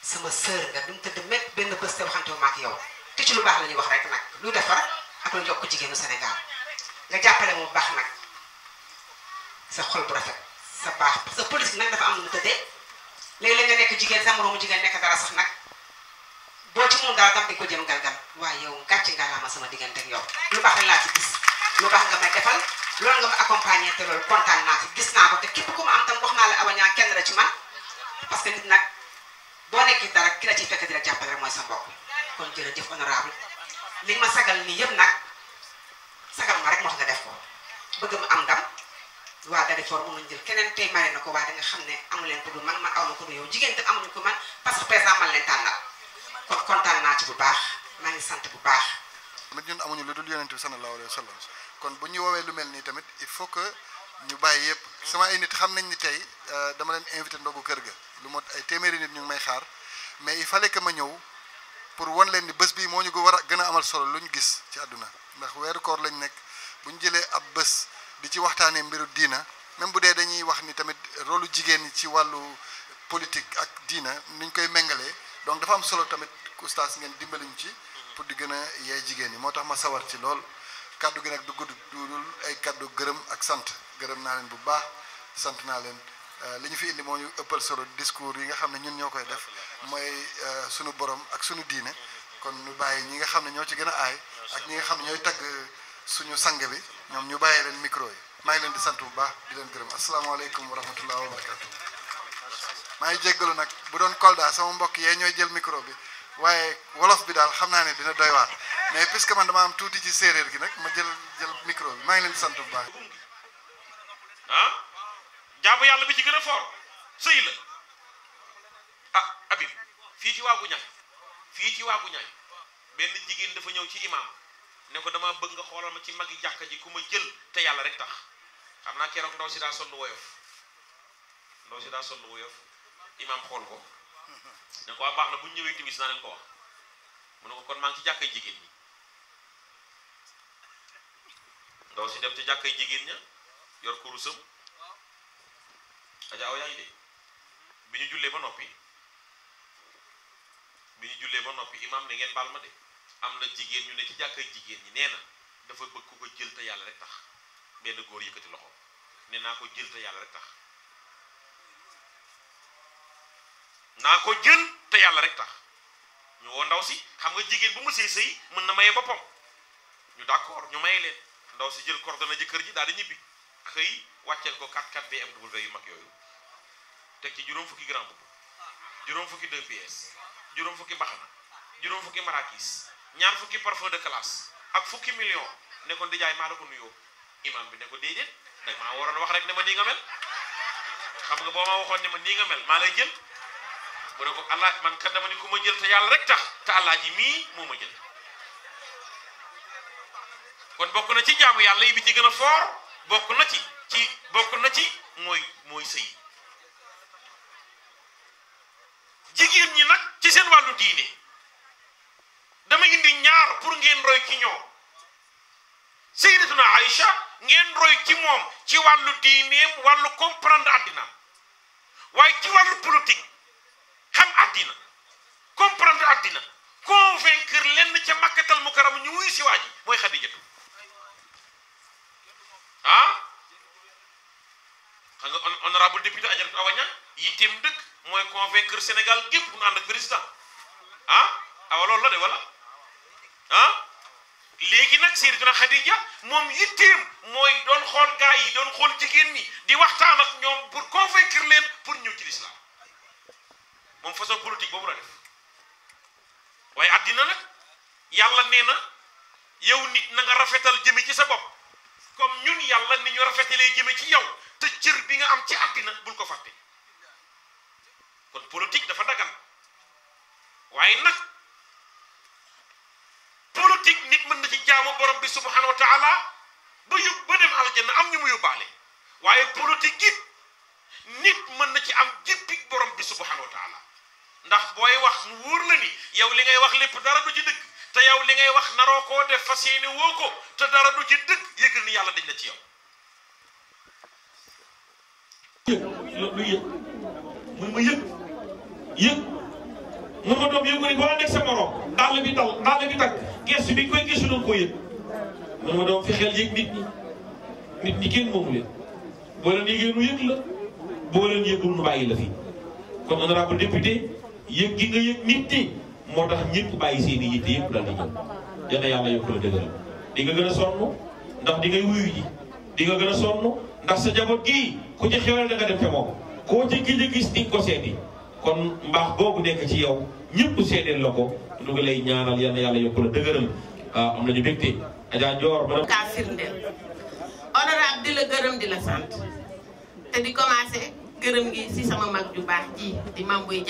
sama sœur nga dumu tëdd mépp benn bés te waxante wu ma ak yow te ci lu baax la ñuy wax rek nag lu defar ak lu ko jigéenu Sénégal nga jàppale mu baax nag sa xol bu rafet sa baax sa politique nag dafa am lu mu tëddee léeg-léeg nekk jigéen sa moroomu jigéen nekk dara sax nag boo ci moom daal tam di ko jëm galgal waaye yow gàcce ngalaama sama diggante yow lu baax laa ci gis lu baax nga may defal loolu nga ma accompagner naa ci gis naa ko te képp ku ma naa la awañaa kenn ci man parce que nit nag boo nekkee dara ki la ciy fekk di jàppale mooy sa mbokk kon jërëjëf honorable li ma sagal nii yëpp nag sagal ma rek moo tax def ko bëgg mu am ndam waa Dalifort mën nañu jël keneen tey mare na ko waaye da nga xam ne amu leen ko du man amuñu kontaan naa ci bu baax maa sant bu baax. nag ñun amuñu lu dul yonent bi sallallahu alayhi wa sallam kon bu ñu woowee lu mel nii tamit il faut que ñu bàyyi yëpp sama ay nit xam nañ ni tey euh, dama leen invité ndogu kër ga lu mot ay téeméeri nit ñu ngi may xaar mais il fallait que ma ñëw. pour wan leen ni bés bii moo ñu ko war a gën a amal solo lu ñu gis ci àdduna ndax weeru koor lañ nekk bu ñu jëlee ab bés di ci waxtaanee mbiru diina même bu dee dañuy wax ni tamit rôlu jigéen ñi ci wàllu politique ak diina niñ koy méngalee donc dafa am solo tamit oustaz ngeen dimbaliñ ci pour di gën a yee jigéen ñi moo tax ma sawar ci lool kàddu gi nag du gudd du ay kàddu gërëm ak sant gërëm naa leen bu baax sant naa leen Euh, li ñu fi indi moo ñu ëppal solo discours yi nga xam ne ñun ñoo koy def mooy euh, suñu borom ak suñu diine kon ñu bàyyi ñi nga xam ne ñoo ci gën a aay ak ñi nga xam ne ñooy tagg suñu sange bi ñoom ñu bàyyee leen micro yi maa ngi leen di sant bu baax di leen gërëm asalaamaaleykum wa ngi jéggalu nag bu doon Kolda sama mbokk yee ñooy jël micro bi waaye wolof bi daal xam naa ne dina doy waar mais puisque man dama am tuuti ci séeréer gi nag ma jël jël micro bi maa ngi leen di sant bu baax jaamu yàlla bi ci for, a fort la ah abib fii ci waagu ñaay fii ci waagu ñaay benn jigéen dafa ñëw ci imaam ne ko dama bëgg nga xoolal ma ci magi jàkka ji ku ma jël te yàlla rek tax xam naa ndaw si daa sol lu woyof ndaw lu woyof ko ne ko baax na bu ñu timis naa leen ko wax mu ne ko kon maa ngi ci jàkkay jigéen ñi ndaw your dem ci ña yor Adja Awa de bi ñu jullee ba noppi bi ñu jullee ba noppi imam ne ngeen baal ma de am na jigéen ñu ne ci jàkkay jigéen ñi nee na dafa bëgg ko jël te yàlla rek tax benn góor yëkkati loxo ne naa ko jël te yàlla rek tax naa ko jël te yàlla rek tax ñu woo ndaw si xam nga jigéen bu mu sëy sëy mën na maye boppam ñu d'accord ñu maye leen ndaw si jël na jëkkër ji daal di ñibbi xëy wàcceel ko 4 4 BM double V yu mag yooyu teg ci juróom fukki grand boubou juróom fukki deux pièces juróom fukki baxana juróom fukki marakis ñaar fukki parfum de classe ak fukki million nekkoon ko ndijaay maa la ko nuyoo imam bi ne ko déedéet dag maa waroon wax rek ne ma nii nga mel xam nga boo ma waxoon ne ma nii nga mel maa lay jël mu ne ko allah man kat dama ni ku ma jël te yàlla rek tax te allah ji mii moo ma jël kon bokk na ci jaamu yàlla yi ci gën a foor bokk na ci ci bokk na ci mooy mooy sëy jigéen ñi nag ci seen wàllu diine dama indi ñaar pour ngeen roy ci ñoom sayyidatuna Aïcha ngeen roy ci moom ci wàllu diineem wàllu comprendre àddina waaye ci wàllu politique xam àddina comprendre àddina kër lenn ca mu mukarram ñu wuy si waa ji mooy Xadijatu ah xam nga honorable député Adjaratou Awa Niang yitteem dëkk mooy convaincre Sénégal gep pour and président ah Aw loolu la de wala ah Légui nak Sayyidatuna Khadija mom yitim moy don xol gaay yi don xol jigen ni di waxtan ak ñom pour convaincre len pour ñu ci l'islam. Mom façon politique bobu la def Waye adina nak yalla neena yow nit na nga rafetal jëmi ci sa bop comme ñun yalla ni ñu rafetalee jëme ci yow te cër bi nga am ci adina bul ko faté kon politique dafa dagal waye nak politique nit mën na ci jaamu borom bi subhanahu wa taala ba yu ba dem aljanna am ñu mu yóbbaale waye politique gi nit mën na ci am jëppig borom bi subhanahu wa taala ndax boy wax mu wóor la ni yow li ngay wax lepp dara du ci dëgg te yow li ngay wax naroo koo def fas yéene woo ko te dara du ci dëgg yëg nit ñi kenn moomu leen boo leen yëgee nu yëg la boo leen yëgul nu bàyyi la fi kon honorable député yëg gi nga yëg nit ñi moo tax ñëpp bàyyi seen i yitte yëpp daal di ñëw yal na yàlla yokk la dëgëral di nga gën a sonn ndax di ngay wuyu ji di nga gën a sonn ndax sa jaboot gii ku ci xewal da nga dem ca moom koo ci gis a gis di ko kon mbaax boobu nekk ci yow ñëpp seedeel la ko ñu ngi lay ñaanal yal yàlla yokk a dëgëral waaw ah, am nañu mbégte Adja Dior ma kaa firndeel honorable di la gërëm di la sant te di commencé gërëm gi si sama mag ju baax ji di Mame Boye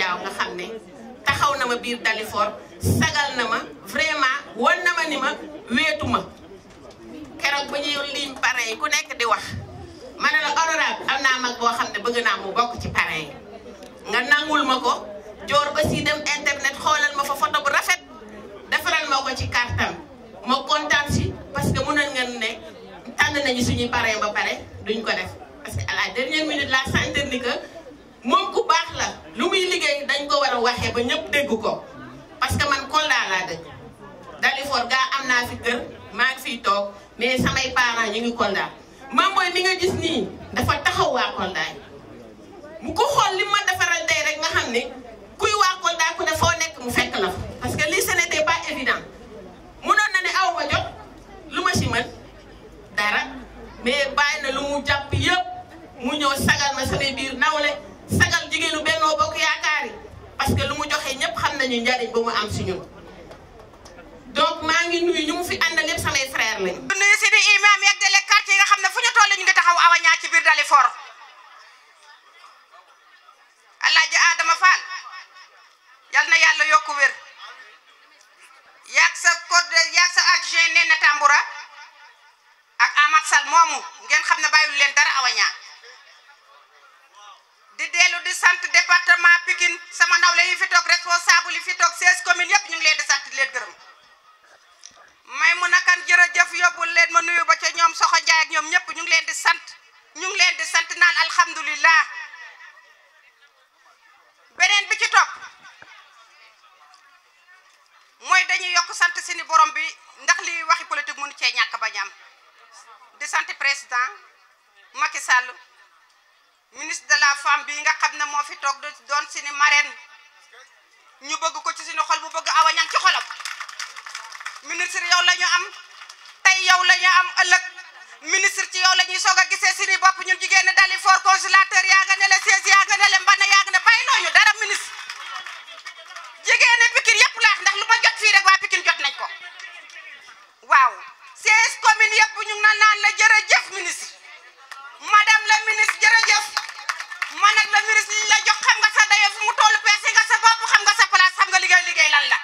taxaw na ma biir Dalifort sagal na ma vraiment wan na ma ni ma wéetu ma keroog bu ñuy liñ parrain yi ku nekk di wax ma ne la honorable am naa mag boo xam ne bëgg naa mu bokk ci parrain yi nga nangul ma ko joor aussi dem internet xoolal ma fa photo bu rafet defaral ma ko ci kartam ma kontaan si parce que mënoon ngeen ne tànn nañu suñuy parrain ba pare duñ ko def parce que à la dernière minute la sentir ni que moom ku baax la lu muy liggéey dañ ko war a waxee ba ñëpp dégg ko parce que man Kolda laa dëkk Dalifort gaa am naa fi kër maa ngi fiy toog mais samay parents ñu ngi Kolda maam mooy nga gis nii dafa taxaw waa Kolda mu ko xool ma defaral tey rek nga xam ne kuy waa Kolda ku ne foo nekk mu fekk la fa parce que lii ce n'était pas évident munoon na ne aw ma jot lu ma si mën dara mais bàyyi na lu mu jàpp yëpp mu ñëw sagal ma samay biir nawle jigéenu Benno Bokk Yaakaar yi parce que lu mu joxe ñëpp xam nañu njariñ ba am si ñu mu fi àndal yëpp samay frère lañu. nuyu si di imam yeeg délégué quartier nga xam ne fu ñu toll ñu ngi taxaw awa ñaa ci biir Dalifort Alaaji Adama Fall yal na yàlla yokku wér yaag sa code yaag sa adjoint nee na Tamboura ak Amath Sall moomu ngeen xam ne bàyyiwul leen dara awa di dellu di sant département Pikine sama nawle yi fi toog responsable yi fi toog 16 communes yëpp ñu ngi leen di sant di leen gërëm may mu nakan jërëjëf yóbbul leen ma nuyu ba ca ñoom soxo Njaay ak ñoom ñëpp ñu leen di sant ñu ngi leen di sant naan alhamdulilah beneen bi ci topp mooy dañuy yokk sant si ni borom bi ndax li waxi politique mënu cee ñàkk ba ñam di sant président Macky sàll ministre de la femme bii nga xam ne moo fi toog doon suñu marraine ñu bëgg ko ci suñu xol bu bëgg Awa Niang ci xolam ministre yow la ñu am tey yow la ñu am ëllëg ministre ci yow la ñuy soog a gisee suñu bopp ñun jigéen dali fort consulateur yaa nga ne le siège yaa nga ne le mbana yaa nga ne bàyyi loo dara ministre jigéen ñi Pikine laax ndax lu ma jot fii rek waa Pikine jot nañ ko waaw siège commune yëpp ñu naan la jërëjëf ministre madame la ministre jërëjëf. man nag la li la jox xam nga sa dayo fu mu tollu peese nga sa bopp xam nga sa place xam nga liggéey liggéey lan la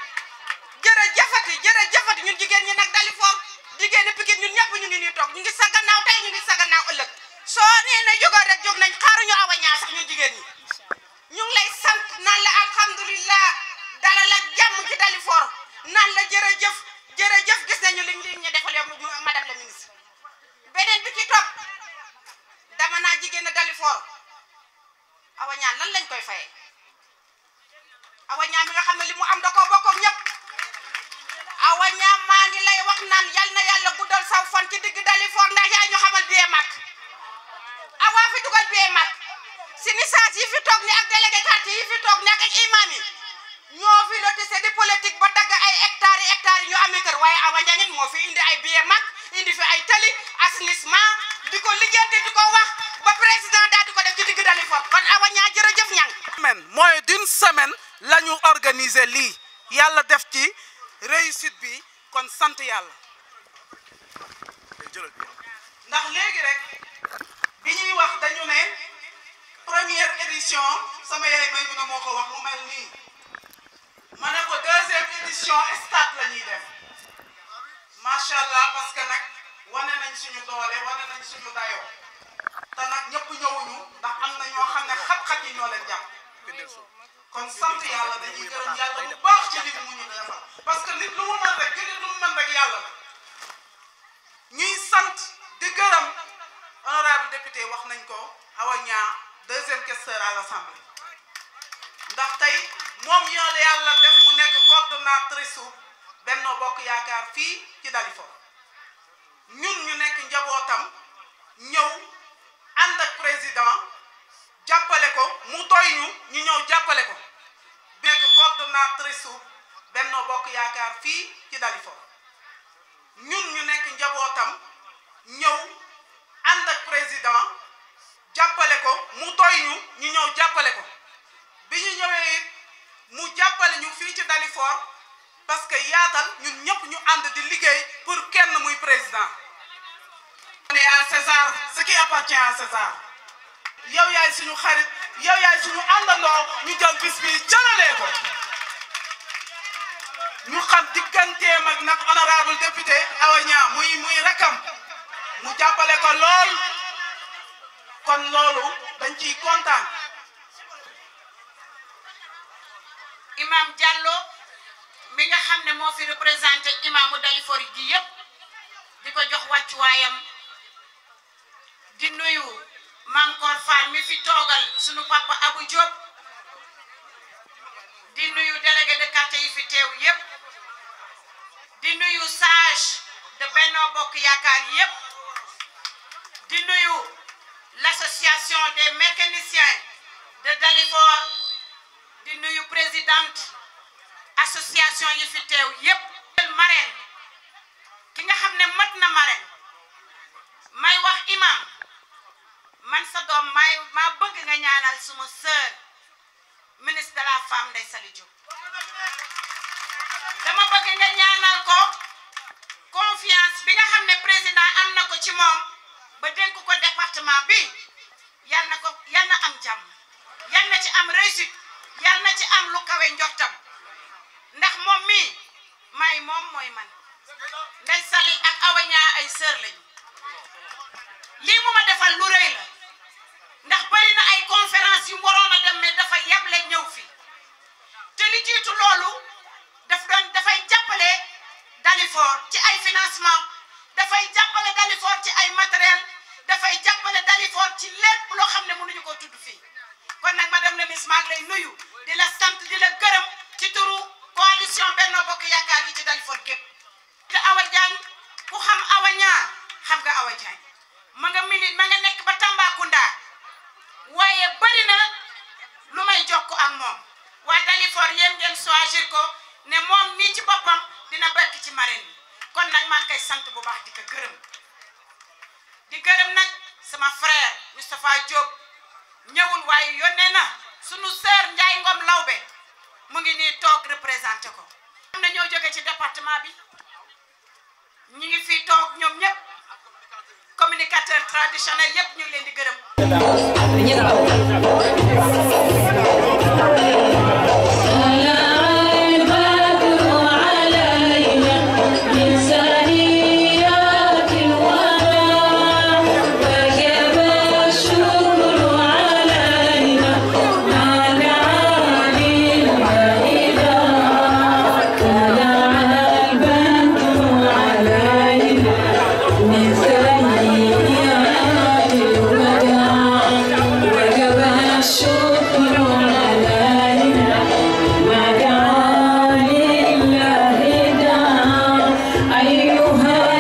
jërëjëfati jigéen ñi nag dali foog jigéen ñi Pikine ñu ngi nii toog ñu ngi sa gannaaw tey ñu ngi sa gannaaw ëllëg soo nee na jógoon rek jóg nañ xaaruñu awa ñaa sax ñu jigéen ñi ñu lay sant naan la alhamdulilah dalal ak jàmm ci dali foor naan la jërëjëf jërëjëf gis nañu liñ liñ ñu defal yow la ministre beneen bi ci dama naa jigéen a awa ñaan lan lañ koy fayee a ñaan mi xam ne li mu am da koo bokk ak ñëpp awa lay wax naan yal na yàlla guddal saw fan ci digg dali foor ndax yaay ñu xamal biyee mag awa fi dugal biyee mag si nisaas yi fi toog ni ak délégué quartier yi fi toog ni ak imam yi ñoo fi di politique ba dagg ay hectares yi ñu amee waaye awa ñaan it moo fi ay biyee mag indi fi ay tali assainissement di ko lijjanti di ko wax ba président daal di ko def ci digg dali fort kon awa ñaa jërëjëf ñang semaine mooy d'une semaine la ñu organiser lii yàlla def ci réussite bi kon sante yalla ndax légui rek biñuy wax dañu né première édition sama yaay may mun moko wax mu mel ni manako deuxième édition stade lañuy ñuy def macha allah parce que nak wané nañ suñu doole wané nañ suñu dayoo te nag ñëpp ñëwuñu ndax am na ñoo xam ne xat-xat yi ñoo leen jàpp kon sant yàlla dañuy gërëm yàlla bu baax ci li mu ñu defal parce que nit lu mu mën rek jullit lu mën rek yàlla la ñuy sant di gërëm honorable député wax nañ ko Awa Niang deuxième questeur la l'Assemblée ndax tey moom yoon yàlla def mu nekk coordonnatrice su Benno Bokk Yaakaar fii ci Dalifort ñun ñu nekk njaboot ñëw jàppale ko nekk coordonnatrice u Benno Bokk Yaakaar fii ci Dalifort ñun ñu nekk njabootam ñëw ànd président jàppale ko mu doy ñu ñu ñëw jàppale ko bi ñu ñëwee mu jàppale ñu fii ci Dalifort parce que yaatal ñu ñëpp ñu ànd di liggéey pour kenn muy président ne à César ce qui appartient à César yow yaay suñu xarit yow yaay suñu àndandoo ñu jël bis bi jëlalee ko ñu xam digganteem ak nag honorable député muy muy rakam mu jàppale ko lool kon loolu dañ ciy kontaan. imam Diallo mi nga xam ne moo fi représenté imaamu Dalifort gi yëpp di ko jox wàccuwaayam di nuyu. maam Koor Fall mi fi toogal sunu papa Abu Diop di nuyu délégué de quartier yi fi teew yépp di nuyu sage de Benno Bokk Yaakaar yépp di nuyu l'association des mécaniciens de Dalifort di nuyu présidente association yi fi teew yépp marraine ki nga xam ne mat na marraine may wax imam man sa doom may ma bëgg nga ñaanal suma sœur ministre de la femme Ndeye Saly Diop dama bëgg nga ñaanal ko confiance bi nga xam ne président am na ko ci moom ba dénk ko département bi yal na ko yal na am jàmm yal na ci am réussite yal na ci am lu kawe njottam ndax moom mii may moom mooy man Ndeye Saly ak Awa ay sœur lañu lii mu ma defal lu rëy ndax bari na ay conférence yu waroon dem mais dafa yeble ñëw fi te li jiitu loolu daf doon dafay jàppale Dalifort ci ay financement dafay jàppale Dalifort ci ay matériel dafay jàppale Dalifort ci lépp loo ne mënuñu ko tudd fii kon nag madame la ministre maa ngi lay nuyu di sant di la gërëm ci turu coalition Benno Bokk Yaakaar yi ci Dalifort gépp te Awa Diagne xam Awa xam nga Awa Diagne ma nga mili ma nekk ba Tambacounda waaye bari na lu may jokk am moom waa Dalifort yéen ngeen choisir ko ne moom mii ci boppam dina bokk ci marin bi kon nag maa ngi sant bu baax di ko gërëm di gërëm nag sama frère Moustapha Diop ñëwul waaye yónnee na sunu sœur Ndiaye Ngom Lawbe mu ngi nii toog représenté ko am na ñoo jóge ci département bi ñi ngi fii toog ñoom ñëpp communicateur traditionnel yëpp ñu ngi leen di gërëm. Oh.